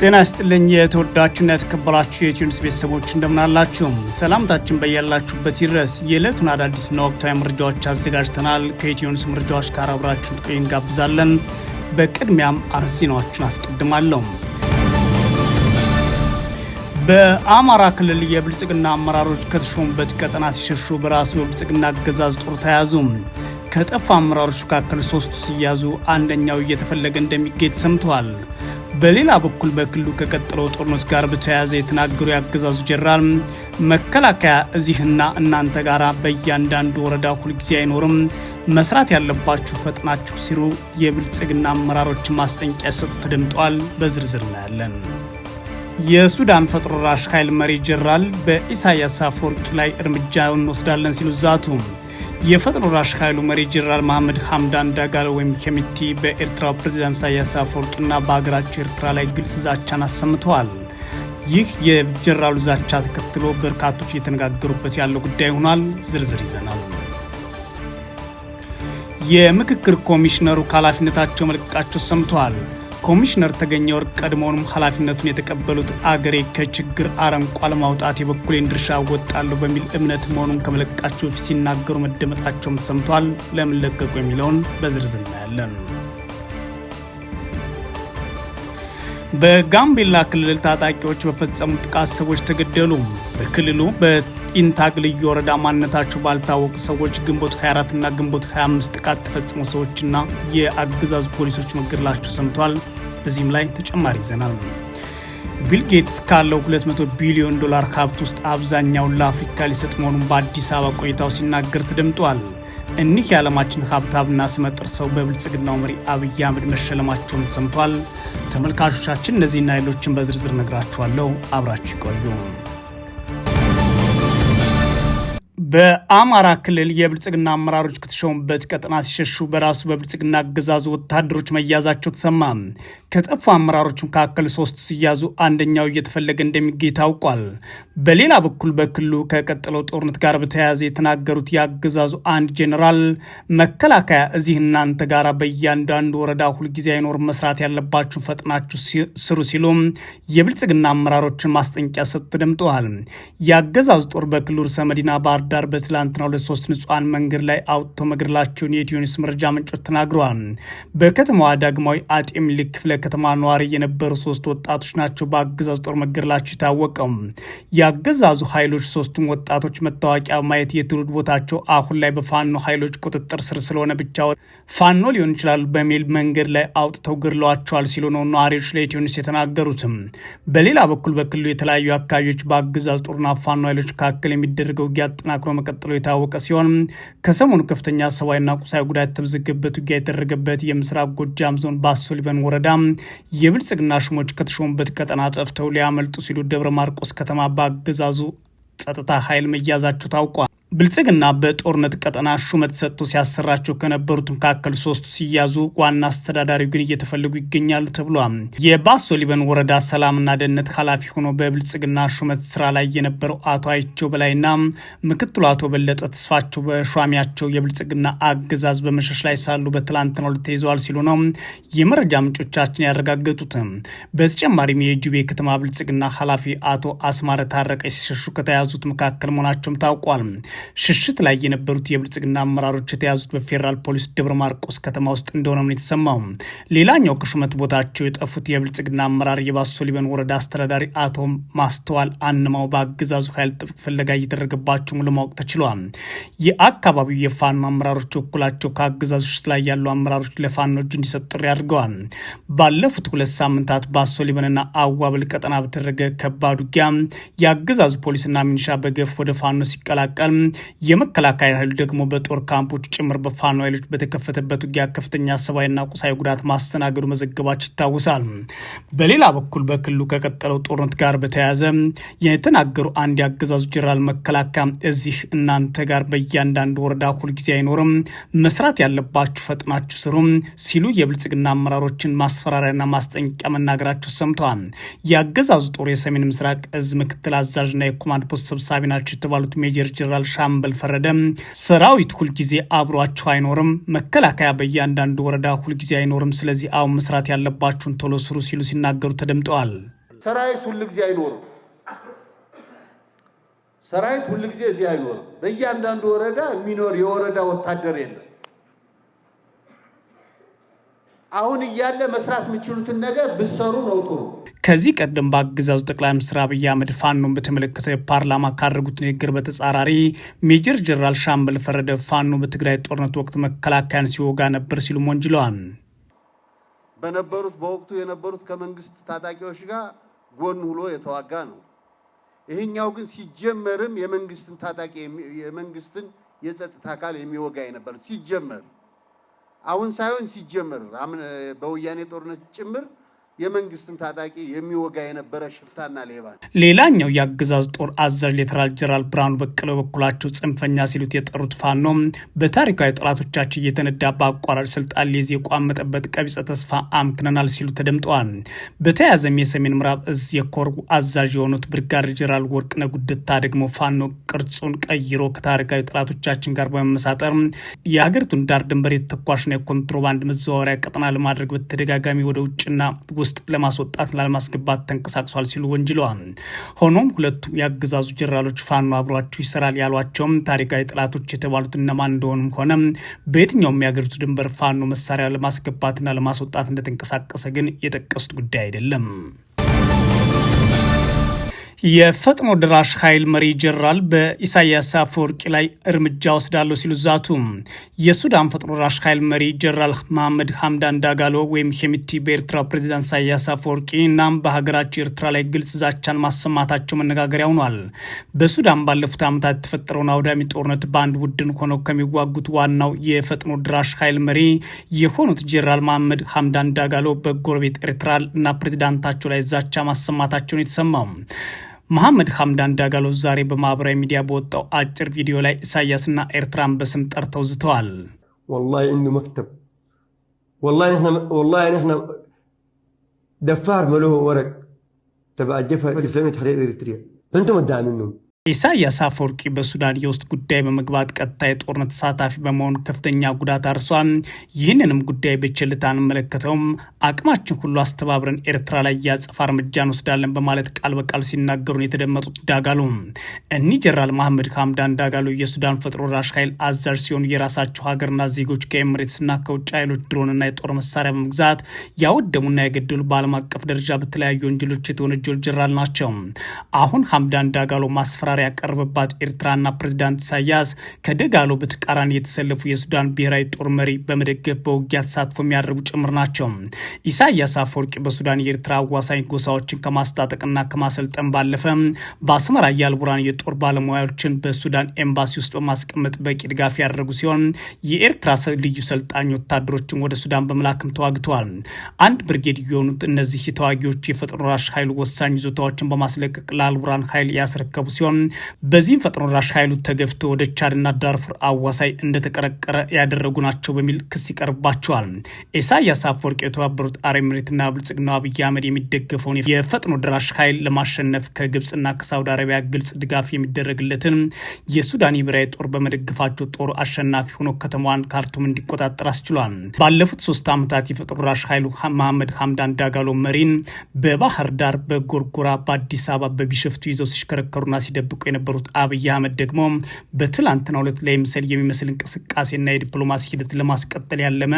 ጤና ይስጥልኝ የተወዳችሁና የተከበራችሁ የኢትዮኒውስ ቤተሰቦች እንደምናላችሁ ሰላምታችን በያላችሁበት ይድረስ። የዕለቱን አዳዲስና ወቅታዊ መረጃዎች አዘጋጅተናል። ከኢትዮኒውስ መረጃዎች ጋር አብራችሁ ጥቆይ እንጋብዛለን። በቅድሚያም አርዕስተ ዜናዎችን አስቀድማለሁ። በአማራ ክልል የብልጽግና አመራሮች ከተሾሙበት ቀጠና ሲሸሹ በራሱ የብልጽግና አገዛዝ ጦር ተያዙ። ከጠፋ አመራሮች መካከል ሶስቱ ሲያዙ አንደኛው እየተፈለገ እንደሚገኝ ሰምተዋል በሌላ በኩል በክልሉ ከቀጠለው ጦርነት ጋር በተያያዘ የተናገሩ የአገዛዙ ጀነራል መከላከያ እዚህና እናንተ ጋር በእያንዳንዱ ወረዳ ሁልጊዜ አይኖርም፣ መስራት ያለባችሁ ፈጥናችሁ ሲሉ የብልጽግና አመራሮች ማስጠንቀቂያ ሰጡ ተደምጠዋል። በዝርዝር እናያለን። የሱዳን ፈጥኖ ደራሽ ኃይል መሪ ጀነራል በኢሳያስ አፈወርቂ ላይ እርምጃ እንወስዳለን ሲሉ ዛቱ። የፈጥኖ ራሽ ኃይሉ መሪ ጀነራል መሐመድ ሀምዳን ዳጋሎ ወይም ኬሚቲ በኤርትራው ፕሬዚዳንት ኢሳያስ አፈወርቂና በሀገራቸው ኤርትራ ላይ ግልጽ ዛቻን አሰምተዋል። ይህ የጀነራሉ ዛቻ ተከትሎ በርካቶች እየተነጋገሩበት ያለው ጉዳይ ሆኗል። ዝርዝር ይዘናል። የምክክር ኮሚሽነሩ ከኃላፊነታቸው መልቀቃቸው ሰምተዋል። ኮሚሽነር ተገኘ ወርቅ ቀድሞውንም ኃላፊነቱን የተቀበሉት አገሬ ከችግር አረንቋ ለማውጣት የበኩሌን ድርሻ እወጣለሁ በሚል እምነት መሆኑን ከመለቃቸው ሲናገሩ መደመጣቸውም ተሰምቷል። ለምን ለቀቁ የሚለውን በዝርዝር እናያለን። በጋምቤላ ክልል ታጣቂዎች በፈጸሙ ጥቃት ሰዎች ተገደሉ። በክልሉ ኢንታግ ልዩ ወረዳ ማንነታቸው ባልታወቁ ሰዎች ግንቦት 24 እና ግንቦት 25 ጥቃት ተፈጽሞ ሰዎችና የአገዛዙ ፖሊሶች መገደላቸው ሰምተዋል። በዚህም ላይ ተጨማሪ ይዘናል። ቢል ጌትስ ካለው 200 ቢሊዮን ዶላር ሀብት ውስጥ አብዛኛውን ለአፍሪካ ሊሰጥ መሆኑን በአዲስ አበባ ቆይታው ሲናገር ተደምጠዋል። እኒህ የዓለማችን ሀብታብና ስመጥር ሰው በብልጽግናው መሪ አብይ አህመድ መሸለማቸውን ሰምቷል። ተመልካቾቻችን እነዚህና ሌሎችን በዝርዝር ነግራችኋለሁ። አብራችሁ ይቆዩ። በአማራ ክልል የብልጽግና አመራሮች ከተሾሙበት ቀጠና ሲሸሹ በራሱ በብልጽግና አገዛዙ ወታደሮች መያዛቸው ተሰማ። ከጠፉ አመራሮች መካከል ሶስቱ ሲያዙ አንደኛው እየተፈለገ እንደሚገኝ ታውቋል። በሌላ በኩል በክልሉ ከቀጠለው ጦርነት ጋር በተያያዘ የተናገሩት የአገዛዙ አንድ ጄኔራል መከላከያ እዚህ እናንተ ጋር በእያንዳንዱ ወረዳ ሁልጊዜ አይኖር መስራት ያለባችሁ ፈጥናችሁ ስሩ ሲሉ የብልጽግና አመራሮችን ማስጠንቂያ ሰጥ ተደምጠዋል። የአገዛዙ ጦር በክልሉ ርዕሰ መዲና ባህርዳር ዳር በትላንትና ሁለት ሶስት ንጹሐን መንገድ ላይ አውጥቶ መገደላቸውን የኢትዮኒስ መረጃ ምንጮች ተናግረዋል። በከተማዋ ዳግማዊ አጤ ምኒልክ ክፍለ ከተማ ነዋሪ የነበሩ ሶስት ወጣቶች ናቸው በአገዛዙ ጦር መገደላቸው የታወቀው። የአገዛዙ ኃይሎች ሶስቱም ወጣቶች መታወቂያ ማየት የትውልድ ቦታቸው አሁን ላይ በፋኖ ኃይሎች ቁጥጥር ስር ስለሆነ ብቻ ፋኖ ሊሆን ይችላል በሚል መንገድ ላይ አውጥተው ገድለዋቸዋል ሲሉ ነው ነዋሪዎች ለኢትዮኒስ የተናገሩትም። በሌላ በኩል በክልሉ የተለያዩ አካባቢዎች በአገዛዙ ጦርና ፋኖ ኃይሎች መካከል የሚደረገው ውጊያ አጠናክሮ ተጠናክሮ መቀጠሉ የታወቀ ሲሆን ከሰሞኑ ከፍተኛ ሰብአዊና ቁሳዊ ጉዳት ተመዘገበት ውጊያ የተደረገበት የምስራቅ ጎጃም ዞን ባሶ ሊበን ወረዳ የብልጽግና ሹሞች ከተሾሙበት ቀጠና ጠፍተው ሊያመልጡ ሲሉ ደብረ ማርቆስ ከተማ በአገዛዙ ጸጥታ ኃይል መያዛቸው ታውቋል። ብልጽግና በጦርነት ቀጠና ሹመት ሰጥቶ ሲያሰራቸው ከነበሩት መካከል ሶስቱ ሲያዙ ዋና አስተዳዳሪው ግን እየተፈለጉ ይገኛሉ ተብሏል። የባሶ ሊበን ወረዳ ሰላምና ደህንነት ኃላፊ ሆኖ በብልጽግና ሹመት ስራ ላይ የነበረው አቶ አይቸው በላይና ምክትሉ አቶ በለጠ ተስፋቸው በሿሚያቸው የብልጽግና አገዛዝ በመሸሽ ላይ ሳሉ በትላንትናው ዕለት ተይዘዋል ሲሉ ነው የመረጃ ምንጮቻችን ያረጋገጡት። በተጨማሪም የጁቤ ከተማ ብልጽግና ኃላፊ አቶ አስማረ ታረቀ ሲሸሹ ከተያዙት መካከል መሆናቸውም ታውቋል። ሽሽት ላይ የነበሩት የብልጽግና አመራሮች የተያዙት በፌዴራል ፖሊስ ደብረ ማርቆስ ከተማ ውስጥ እንደሆነ ነው የተሰማው። ሌላኛው ከሹመት ቦታቸው የጠፉት የብልጽግና አመራር የባሶ ሊበን ወረዳ አስተዳዳሪ አቶ ማስተዋል አንማው በአገዛዙ ኃይል ጥብቅ ፍለጋ እየተደረገባቸው ለማወቅ ተችሏል። የአካባቢው የፋኖ አመራሮች በኩላቸው ከአገዛዙ ሽሽት ላይ ያሉ አመራሮች ለፋኖ እጅ እንዲሰጡ ጥሪ አድርገዋል። ባለፉት ሁለት ሳምንታት ባሶ ሊበንና አዋብል ቀጠና በተደረገ ከባድ ውጊያ የአገዛዙ ፖሊስና ሚኒሻ በገፍ ወደ ፋኖ ሲቀላቀል የመከላከያ ኃይሉ ደግሞ በጦር ካምፖች ጭምር በፋኖ ኃይሎች በተከፈተበት ውጊያ ከፍተኛ ሰብአዊና ቁሳዊ ጉዳት ማስተናገዱ መዘገባቸው ይታወሳል። በሌላ በኩል በክልሉ ከቀጠለው ጦርነት ጋር በተያያዘ የተናገሩ አንድ የአገዛዙ ጀነራል መከላከያ እዚህ እናንተ ጋር በእያንዳንዱ ወረዳ ሁልጊዜ አይኖርም፣ መስራት ያለባችሁ ፈጥናችሁ ስሩ ሲሉ የብልጽግና አመራሮችን ማስፈራሪያና ማስጠንቀቂያ መናገራቸው ሰምተዋል። የአገዛዙ ጦር የሰሜን ምስራቅ እዝ ምክትል አዛዥና የኮማንድ ፖስት ሰብሳቢ ናቸው የተባሉት ሜጀር ጀራል ። ሻምበል ፈረደም ሰራዊት ሁልጊዜ አብሯቸው አይኖርም፣ መከላከያ በእያንዳንዱ ወረዳ ሁልጊዜ አይኖርም። ስለዚህ አሁን መስራት ያለባችሁን ቶሎ ስሩ ሲሉ ሲናገሩ ተደምጠዋል። ሰራዊት ሁልጊዜ አይኖርም፣ ሰራዊት ሁልጊዜ እዚህ አይኖርም። በእያንዳንዱ ወረዳ የሚኖር የወረዳ ወታደር የለም። አሁን እያለ መስራት የምችሉትን ነገር ብሰሩ ነው ጥሩ። ከዚህ ቀደም በአገዛዙ ጠቅላይ ሚኒስትር አብይ አህመድ ፋኖን በተመለከተ ፓርላማ ካደረጉት ንግግር በተጻራሪ ሜጀር ጀነራል ሻምበል ፈረደ ፋኖ በትግራይ ጦርነት ወቅት መከላከያን ሲወጋ ነበር ሲሉ ወንጅለዋል። በነበሩት በወቅቱ የነበሩት ከመንግስት ታጣቂዎች ጋር ጎን ውሎ የተዋጋ ነው። ይህኛው ግን ሲጀመርም የመንግስትን ታጣቂ የመንግስትን የጸጥታ አካል የሚወጋ ነበር ሲጀመር አሁን ሳይሆን ሲጀምር በወያኔ ጦርነት ጭምር የመንግስትን ታጣቂ የሚወጋ የነበረ ሽፍታና ሌባ። ሌላኛው የአገዛዝ ጦር አዛዥ ሌተናል ጀነራል ብርሃኑ በቀለ በበኩላቸው ጽንፈኛ ሲሉት የጠሩት ፋኖ በታሪካዊ ጠላቶቻችን እየተነዳ በአቋራጭ ስልጣን ሊይዝ የቋመጠበት ቀቢጸ ተስፋ አምክነናል ሲሉ ተደምጠዋል። በተያያዘም የሰሜን ምዕራብ እዝ የኮር አዛዥ የሆኑት ብርጋዴር ጀነራል ወርቅነህ ጉደታ ደግሞ ፋኖ ቅርጹን ቀይሮ ከታሪካዊ ጠላቶቻችን ጋር በመመሳጠር የሀገሪቱን ዳር ድንበር የተተኳሽና የኮንትሮባንድ መዘዋወሪያ ቀጠና ለማድረግ በተደጋጋሚ ወደ ውጭና ውስጥ ለማስወጣት ላለማስገባት ተንቀሳቅሷል ሲሉ ወንጅለዋል። ሆኖም ሁለቱ የአገዛዙ ጀነራሎች ፋኖ አብሯቸው ይሰራል ያሏቸውም ታሪካዊ ጠላቶች የተባሉት እነማን እንደሆኑም ሆነ በየትኛውም የአገሪቱ ድንበር ፋኖ መሳሪያ ለማስገባትና ለማስወጣት እንደተንቀሳቀሰ ግን የጠቀሱት ጉዳይ አይደለም። የፈጥኖ ድራሽ ኃይል መሪ ጀነራል በኢሳያስ አፈወርቂ ላይ እርምጃ ወስዳለሁ ሲሉ ዛቱ። የሱዳን ፈጥኖ ድራሽ ኃይል መሪ ጀነራል መሐመድ ሀምዳን ዳጋሎ ወይም ሄሚቲ በኤርትራ ፕሬዚዳንት ኢሳያስ አፈወርቂ እናም በሀገራቸው ኤርትራ ላይ ግልጽ ዛቻን ማሰማታቸው መነጋገሪያ ሆኗል። በሱዳን ባለፉት ዓመታት የተፈጠረውን አውዳሚ ጦርነት በአንድ ቡድን ሆነው ከሚዋጉት ዋናው የፈጥኖ ድራሽ ኃይል መሪ የሆኑት ጀነራል መሐመድ ሀምዳን ዳጋሎ በጎረቤት ኤርትራ እና ፕሬዚዳንታቸው ላይ ዛቻ ማሰማታቸውን የተሰማው መሐመድ ሐምዳን ዳጋሎ ዛሬ በማህበራዊ ሚዲያ በወጣው አጭር ቪዲዮ ላይ ኢሳያስና ኤርትራን በስም ጠርተው ዝተዋል። ወላሂ ኢኑ መክተብ ወላሂ ነሕና ደፋር መለሆ ወረቅ ተባዕ ጀብሃ ልእስላሚያ ተሕሪር ኤርትሪያ እንቶም ኣዳኣምኖም ኢሳያስ አፈወርቂ በሱዳን የውስጥ ጉዳይ በመግባት ቀጥታ የጦርነት ተሳታፊ በመሆን ከፍተኛ ጉዳት አርሷል። ይህንንም ጉዳይ በቸልታ አንመለከተውም፣ አቅማችን ሁሉ አስተባብረን ኤርትራ ላይ ያጸፋ እርምጃ እንወስዳለን በማለት ቃል በቃል ሲናገሩን የተደመጡት ዳጋሉ እኒህ ጀነራል መሐመድ ሀምዳን ዳጋሉ የሱዳን ፈጥኖ ደራሽ ኃይል አዛዥ ሲሆኑ የራሳቸው ሀገርና ዜጎች ከኤምሬትስና ከውጭ ኃይሎች ድሮንና የጦር መሳሪያ በመግዛት ያወደሙና የገደሉ በዓለም አቀፍ ደረጃ በተለያዩ ወንጀሎች የተወነጀሉ ጀነራል ናቸው። አሁን ሀምዳን ዳጋሎ ማስፈራ ማስፈራሪያ ያቀረበባት ኤርትራና ፕሬዚዳንት ኢሳያስ ከደጋሎ በተቃራኒ የተሰለፉ የሱዳን ብሔራዊ ጦር መሪ በመደገፍ በውጊያ ተሳትፎ የሚያደርጉ ጭምር ናቸው። ኢሳያስ አፈወርቂ በሱዳን የኤርትራ አዋሳኝ ጎሳዎችን ከማስታጠቅና ከማሰልጠን ባለፈ በአስመራ ያልቡራን የጦር ባለሙያዎችን በሱዳን ኤምባሲ ውስጥ በማስቀመጥ በቂ ድጋፍ ያደረጉ ሲሆን የኤርትራ ልዩ ሰልጣኝ ወታደሮችን ወደ ሱዳን በመላክም ተዋግተዋል። አንድ ብርጌድ የሆኑት እነዚህ ተዋጊዎች የፈጥኖ ራሽ ኃይል ወሳኝ ይዞታዎችን በማስለቀቅ ለአልቡራን ኃይል ያስረከቡ ሲሆን በዚህም ፈጥኖ ደራሽ ኃይሉ ተገፍቶ ወደ ቻድና ዳርፉር አዋሳይ እንደተቀረቀረ ያደረጉ ናቸው በሚል ክስ ይቀርባቸዋል። ኢሳያስ አፈወርቂ የተባበሩት አረብ ኤሚሬትና ብልጽግናው አብይ አህመድ የሚደገፈውን የፈጥኖ ደራሽ ኃይል ለማሸነፍ ከግብፅና ከሳውዲ አረቢያ ግልጽ ድጋፍ የሚደረግለትን የሱዳን ብሔራዊ ጦር በመደገፋቸው ጦሩ አሸናፊ ሆኖ ከተማዋን ካርቱም እንዲቆጣጠር አስችሏል። ባለፉት ሶስት ዓመታት የፈጥኖ ደራሽ ኃይሉ መሐመድ ሀምዳን ዳጋሎ መሪን በባህር ዳር፣ በጎርጎራ፣ በአዲስ አበባ፣ በቢሸፍቱ ይዘው ሲሽከረከሩና ሲደ ሲደብቁ የነበሩት አብይ አህመድ ደግሞ በትላንትናው ዕለት ላይ ምስል የሚመስል እንቅስቃሴና የዲፕሎማሲ ሂደት ለማስቀጠል ያለመ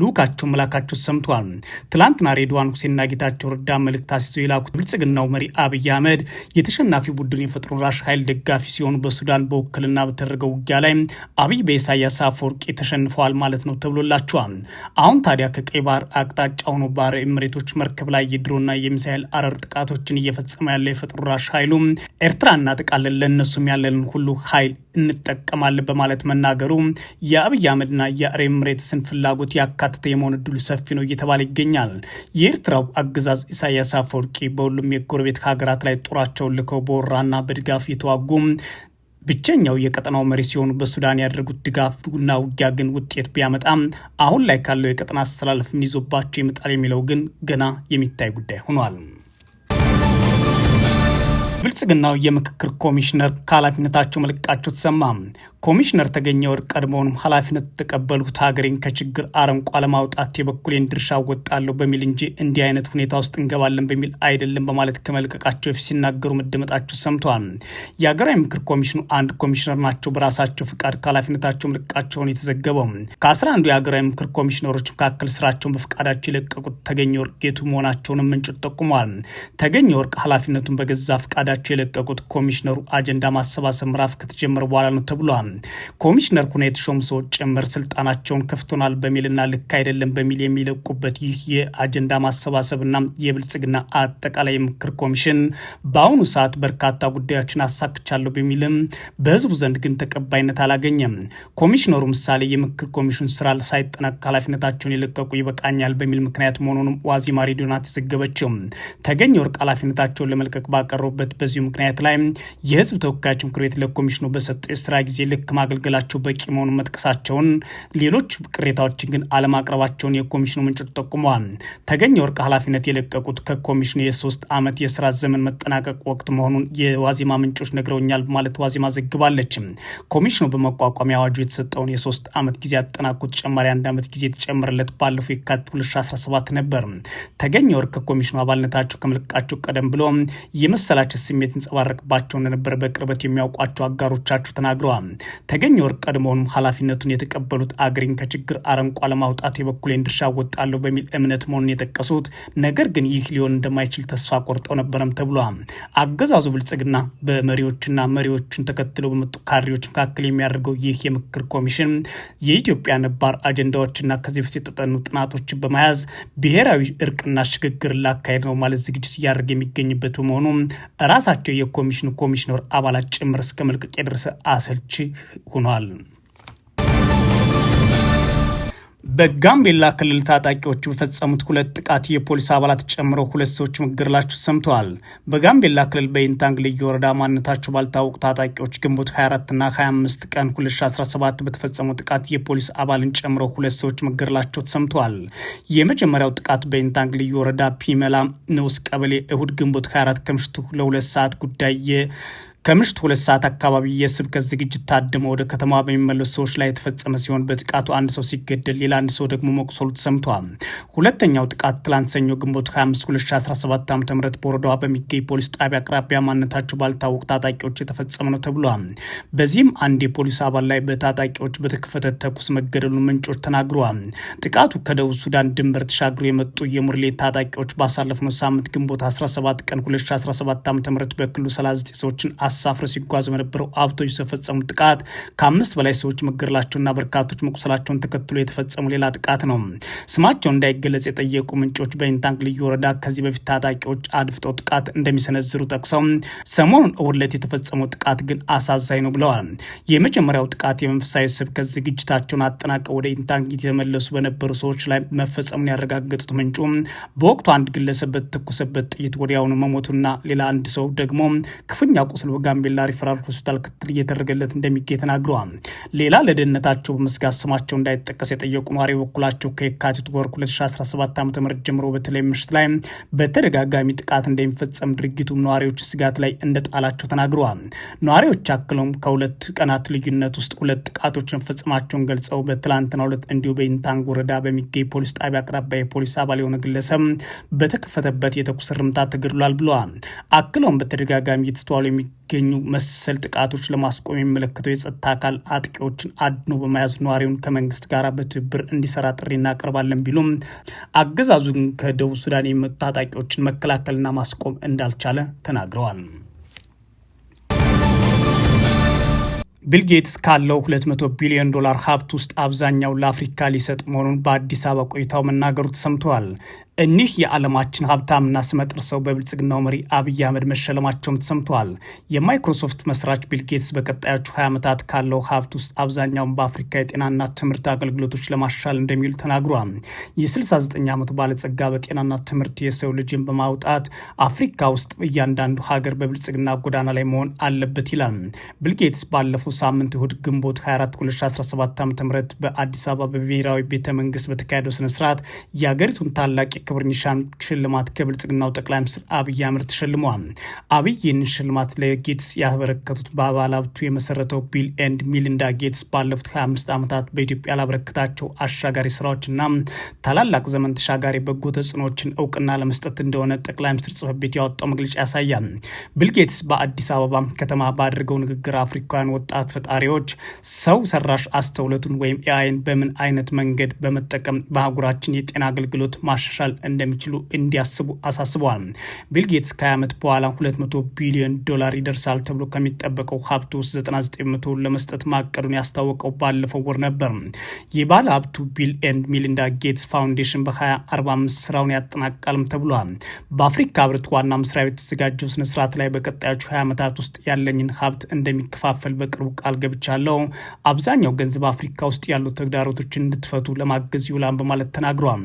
ልዑካቸው መላካቸው ሰምተዋል። ትላንትና ሬድዋን ሁሴንና ጌታቸው ረዳ መልእክት አስይዘው የላኩት ብልጽግናው መሪ አብይ አህመድ የተሸናፊ ቡድን የፈጥኖ ደራሽ ኃይል ደጋፊ ሲሆኑ በሱዳን በውክልና በተደረገው ውጊያ ላይ አብይ በኢሳያስ አፈወርቂ ተሸንፈዋል ማለት ነው ተብሎላቸዋል። አሁን ታዲያ ከቀይ ባህር አቅጣጫ ሆኖ ባህረ ኤምሬቶች መርከብ ላይ የድሮና የሚሳይል አረር ጥቃቶችን እየፈጸመ ያለ የፈጥኖ ደራሽ ኃይሉ ኤርትራና እንጠብቃለን፣ ለእነሱም ያለንን ሁሉ ኃይል እንጠቀማለን በማለት መናገሩ የአብይ አህመድና የአሬም ምሬትስን ፍላጎት ያካተተ የመሆን እድሉ ሰፊ ነው እየተባለ ይገኛል። የኤርትራው አገዛዝ ኢሳያስ አፈወርቂ በሁሉም የጎረቤት ሀገራት ላይ ጦራቸውን ልከው በወራና በድጋፍ የተዋጉ ብቸኛው የቀጠናው መሪ ሲሆኑ በሱዳን ያደረጉት ድጋፍና ውጊያ ግን ውጤት ቢያመጣም አሁን ላይ ካለው የቀጠና አስተላለፍ ይዞባቸው ይመጣል የሚለው ግን ገና የሚታይ ጉዳይ ሆኗል። ብልጽግናው የምክክር ኮሚሽነር ከኃላፊነታቸው መልቀቃቸው ተሰማ። ኮሚሽነር ተገኘ ወርቅ ቀድሞውንም ኃላፊነት የተቀበልኩት ሀገሬን ከችግር አረንቋ ለማውጣት የበኩሌን ድርሻ ወጣለሁ በሚል እንጂ እንዲህ አይነት ሁኔታ ውስጥ እንገባለን በሚል አይደለም በማለት ከመልቀቃቸው በፊት ሲናገሩ መደመጣቸው ሰምተዋል። የሀገራዊ ምክር ኮሚሽኑ አንድ ኮሚሽነር ናቸው በራሳቸው ፍቃድ ከኃላፊነታቸው መልቀቃቸውን የተዘገበው። ከአስራ አንዱ የሀገራዊ ምክር ኮሚሽነሮች መካከል ስራቸውን በፍቃዳቸው የለቀቁት ተገኘ ወርቅ ጌቱ መሆናቸውንም ምንጮች ጠቁመዋል። ተገኘ ወርቅ ኃላፊነቱን በገዛ ፍቃድ ፈቃዳቸው የለቀቁት ኮሚሽነሩ አጀንዳ ማሰባሰብ ምዕራፍ ከተጀመረ በኋላ ነው ተብሏል። ኮሚሽነር ኩነ የተሾሙ ሰዎች ጭምር ስልጣናቸውን ከፍቶናል በሚልና ልክ አይደለም በሚል የሚለቁበት ይህ የአጀንዳ ማሰባሰብና የብልጽግና አጠቃላይ ምክር ኮሚሽን በአሁኑ ሰዓት በርካታ ጉዳዮችን አሳክቻለሁ በሚልም በህዝቡ ዘንድ ግን ተቀባይነት አላገኘም። ኮሚሽነሩ ምሳሌ የምክር ኮሚሽን ስራ ሳይጠናቀቅ ኃላፊነታቸውን የለቀቁ ይበቃኛል በሚል ምክንያት መሆኑንም ዋዜማ ሬዲዮ ናት ተገኘ ወርቅ ኃላፊነታቸውን ለመልቀቅ ባቀረቡበት በዚሁ ምክንያት ላይ የህዝብ ተወካዮች ምክር ቤት ለኮሚሽኑ በሰጠው የስራ ጊዜ ልክ ማገልገላቸው በቂ መሆኑን መጥቀሳቸውን፣ ሌሎች ቅሬታዎችን ግን አለማቅረባቸውን የኮሚሽኑ ምንጮች ጠቁመዋል። ተገኘ ወርቅ ኃላፊነት የለቀቁት ከኮሚሽኑ የሶስት ዓመት የስራ ዘመን መጠናቀቅ ወቅት መሆኑን የዋዜማ ምንጮች ነግረውኛል በማለት ዋዜማ ዘግባለች። ኮሚሽኑ በመቋቋሚያ አዋጁ የተሰጠውን የሶስት ዓመት ጊዜ አጠናቆ ተጨማሪ አንድ ዓመት ጊዜ የተጨመረለት ባለፈው የካቲት 2017 ነበር። ተገኘ ወርቅ ከኮሚሽኑ አባልነታቸው ከመልቀቃቸው ቀደም ብሎ የመሰላቸው ስሜት ይንጸባረቅባቸው እንደነበረ በቅርበት የሚያውቋቸው አጋሮቻቸው ተናግረዋል። ተገኘ ወርቅ ቀድሞውንም ኃላፊነቱን የተቀበሉት አገሬን ከችግር አረንቋ ለማውጣት የበኩሌን ድርሻ ወጣለሁ በሚል እምነት መሆኑን የጠቀሱት ነገር ግን ይህ ሊሆን እንደማይችል ተስፋ ቆርጠው ነበረም ተብሏል። አገዛዙ ብልጽግና በመሪዎችና መሪዎችን ተከትሎ በመጡ ካድሬዎች መካከል የሚያደርገው ይህ የምክክር ኮሚሽን የኢትዮጵያ ነባር አጀንዳዎችና ከዚህ በፊት የተጠኑ ጥናቶችን በመያዝ ብሔራዊ እርቅና ሽግግር ላካሄድ ነው ማለት ዝግጅት እያደረገ የሚገኝበት በመሆኑ ራሳቸው የኮሚሽኑ ኮሚሽነር አባላት ጭምር እስከ መልቀቅ የደረሰ አሰልቺ ሆኗል። በጋምቤላ ክልል ታጣቂዎች በፈጸሙት ሁለት ጥቃት የፖሊስ አባላት ጨምሮ ሁለት ሰዎች መገደላቸው ሰምተዋል። በጋምቤላ ክልል በኢንታንግ ልዩ ወረዳ ማንነታቸው ባልታወቁ ታጣቂዎች ግንቦት 24ና 25 ቀን 2017 በተፈጸመው ጥቃት የፖሊስ አባልን ጨምሮ ሁለት ሰዎች መገደላቸው ተሰምተዋል። የመጀመሪያው ጥቃት በኢንታንግ ልዩ ወረዳ ፒመላ ንዑስ ቀበሌ እሁድ ግንቦት 24 ከምሽቱ ለሁለት ሰዓት ጉዳይ ከምሽት ሁለት ሰዓት አካባቢ የስብከት ዝግጅት ታድመ ወደ ከተማ በሚመለሱ ሰዎች ላይ የተፈጸመ ሲሆን በጥቃቱ አንድ ሰው ሲገደል ሌላ አንድ ሰው ደግሞ መቁሰሉ ተሰምቷል። ሁለተኛው ጥቃት ትላንት ሰኞ ግንቦት 25 2017 ዓ ም በወረዳዋ በሚገኝ ፖሊስ ጣቢያ አቅራቢያ ማንነታቸው ባልታወቁ ታጣቂዎች የተፈጸመ ነው ተብሏል። በዚህም አንድ የፖሊስ አባል ላይ በታጣቂዎች በተከፈተ ተኩስ መገደሉን ምንጮች ተናግረዋል። ጥቃቱ ከደቡብ ሱዳን ድንበር ተሻግሮ የመጡ የሙርሌ ታጣቂዎች ባሳለፍነው ሳምንት ግንቦት 17 ቀን 2017 ዓ ም በክልሉ 39 ሰዎችን አሳፍሮ ሲጓዝ በነበረው አውቶቡስ የተፈጸሙት ጥቃት ከአምስት በላይ ሰዎች መገደላቸውና በርካቶች መቁሰላቸውን ተከትሎ የተፈጸሙ ሌላ ጥቃት ነው። ስማቸው እንዳይገለጽ የጠየቁ ምንጮች በኢንታንግ ልዩ ወረዳ ከዚህ በፊት ታጣቂዎች አድፍጠው ጥቃት እንደሚሰነዝሩ ጠቅሰው ሰሞኑን እሁድ ዕለት የተፈጸመው ጥቃት ግን አሳዛኝ ነው ብለዋል። የመጀመሪያው ጥቃት የመንፈሳዊ ስብከት ዝግጅታቸውን አጠናቀው ወደ ኢንታንግ የተመለሱ በነበሩ ሰዎች ላይ መፈጸሙን ያረጋገጡት ምንጩ በወቅቱ አንድ ግለሰብ በተተኮሰበት ጥይት ወዲያውኑ መሞቱና ሌላ አንድ ሰው ደግሞ ክፉኛ ቆስሎ ጋምቤላ ሪፈራል ሆስፒታል ክትል እየተደረገለት እንደሚገኝ ተናግረዋል። ሌላ ለደህንነታቸው በመስጋት ስማቸው እንዳይጠቀስ የጠየቁ ነዋሪ በኩላቸው ከየካቲት ወር 2017 ዓ ም ጀምሮ በተለይ ምሽት ላይ በተደጋጋሚ ጥቃት እንደሚፈጸም ድርጊቱም ነዋሪዎች ስጋት ላይ እንደጣላቸው ተናግረዋል። ነዋሪዎች አክለውም ከሁለት ቀናት ልዩነት ውስጥ ሁለት ጥቃቶች መፈጸማቸውን ገልጸው በትላንትና ሁለት እንዲሁ በኢንታንግ ወረዳ በሚገኝ ፖሊስ ጣቢያ አቅራቢያ የፖሊስ አባል የሆነ ግለሰብ በተከፈተበት የተኩስ ርምታ ተገድሏል ብለዋል። አክለውም በተደጋጋሚ እየተስተዋሉ የሚ የሚገኙ መሰል ጥቃቶች ለማስቆም የሚመለከተው የጸጥታ አካል አጥቂዎችን አድኖ በመያዝ ነዋሪውን ከመንግስት ጋር በትብብር እንዲሰራ ጥሪ እናቀርባለን ቢሉም አገዛዙን ከደቡብ ሱዳን የመጡ ታጣቂዎችን መከላከልና ማስቆም እንዳልቻለ ተናግረዋል። ጌትስ ካለው 200 ቢሊዮን ዶላር ሀብት ውስጥ አብዛኛው ለአፍሪካ ሊሰጥ መሆኑን በአዲስ አበባ ቆይታው መናገሩ ተሰምተዋል። እኒህ የዓለማችን ሀብታምና ስመጥር ሰው በብልጽግናው መሪ አብይ አህመድ መሸለማቸውም ተሰምተዋል። የማይክሮሶፍት መስራች ቢል ጌትስ በቀጣዮቹ 20 ዓመታት ካለው ሀብት ውስጥ አብዛኛውን በአፍሪካ የጤናና ትምህርት አገልግሎቶች ለማሻል እንደሚውል ተናግሯል። የ69 ዓመቱ ባለጸጋ በጤናና ትምህርት የሰው ልጅን በማውጣት አፍሪካ ውስጥ እያንዳንዱ ሀገር በብልጽግና ጎዳና ላይ መሆን አለበት ይላል። ቢልጌትስ ባለፈው ሳምንት እሁድ ግንቦት 24 2017 ዓ ም በአዲስ አበባ በብሔራዊ ቤተ መንግስት በተካሄደው ስነስርዓት የአገሪቱን ታላቅ ክብር ኒሻን ሽልማት ከብልጽግናው ጠቅላይ ሚኒስትር አብይ አህመድ ተሸልመዋል። አብይ ይህን ሽልማት ለጌትስ ያበረከቱት በአባል ሀብቱ የመሰረተው ቢል ኤንድ ሚሊንዳ ጌትስ ባለፉት 25 ዓመታት በኢትዮጵያ ላበረከታቸው አሻጋሪ ስራዎችና ታላላቅ ዘመን ተሻጋሪ በጎ ተጽዕኖዎችን እውቅና ለመስጠት እንደሆነ ጠቅላይ ሚኒስትር ጽህፈት ቤት ያወጣው መግለጫ ያሳያል። ቢል ጌትስ በአዲስ አበባ ከተማ ባደረገው ንግግር አፍሪካውያን ወጣት ፈጣሪዎች ሰው ሰራሽ አስተውለቱን ወይም ኤአይን በምን አይነት መንገድ በመጠቀም በአህጉራችን የጤና አገልግሎት ማሻሻል መቀላቀል እንደሚችሉ እንዲያስቡ አሳስበዋል። ቢልጌትስ ከ20 ዓመት በኋላ 200 ቢሊዮን ዶላር ይደርሳል ተብሎ ከሚጠበቀው ሀብቱ ውስጥ 99 መቶ ለመስጠት ማቀዱን ያስታወቀው ባለፈው ወር ነበር። የባለ ሀብቱ ቢል ኤንድ ሚሊንዳ ጌትስ ፋውንዴሽን በ2045 ስራውን ያጠናቃልም ተብሏል። በአፍሪካ ህብረት ዋና መስሪያ ቤት የተዘጋጀው ስነስርዓት ላይ በቀጣዮቹ 20 ዓመታት ውስጥ ያለኝን ሀብት እንደሚከፋፈል በቅርቡ ቃል ገብቻለሁ። አብዛኛው ገንዘብ አፍሪካ ውስጥ ያሉ ተግዳሮቶችን እንድትፈቱ ለማገዝ ይውላን በማለት ተናግሯል።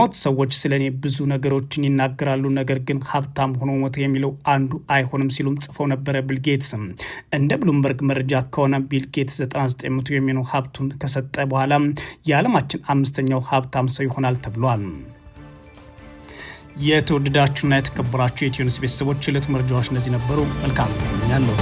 ሞት ሰዎች ስለ እኔ ብዙ ነገሮችን ይናገራሉ፣ ነገር ግን ሀብታም ሆኖ ሞት የሚለው አንዱ አይሆንም ሲሉም ጽፈው ነበረ። ቢልጌትስም እንደ ብሉምበርግ መረጃ ከሆነ ቢልጌትስ 99 መቶ የሚሆነው ሀብቱን ከሰጠ በኋላ የዓለማችን አምስተኛው ሀብታም ሰው ይሆናል ተብሏል። የተወደዳችሁና የተከበራችሁ የኢትዮኒውስ ቤተሰቦች የዕለት መረጃዎች እነዚህ ነበሩ። መልካም ያለው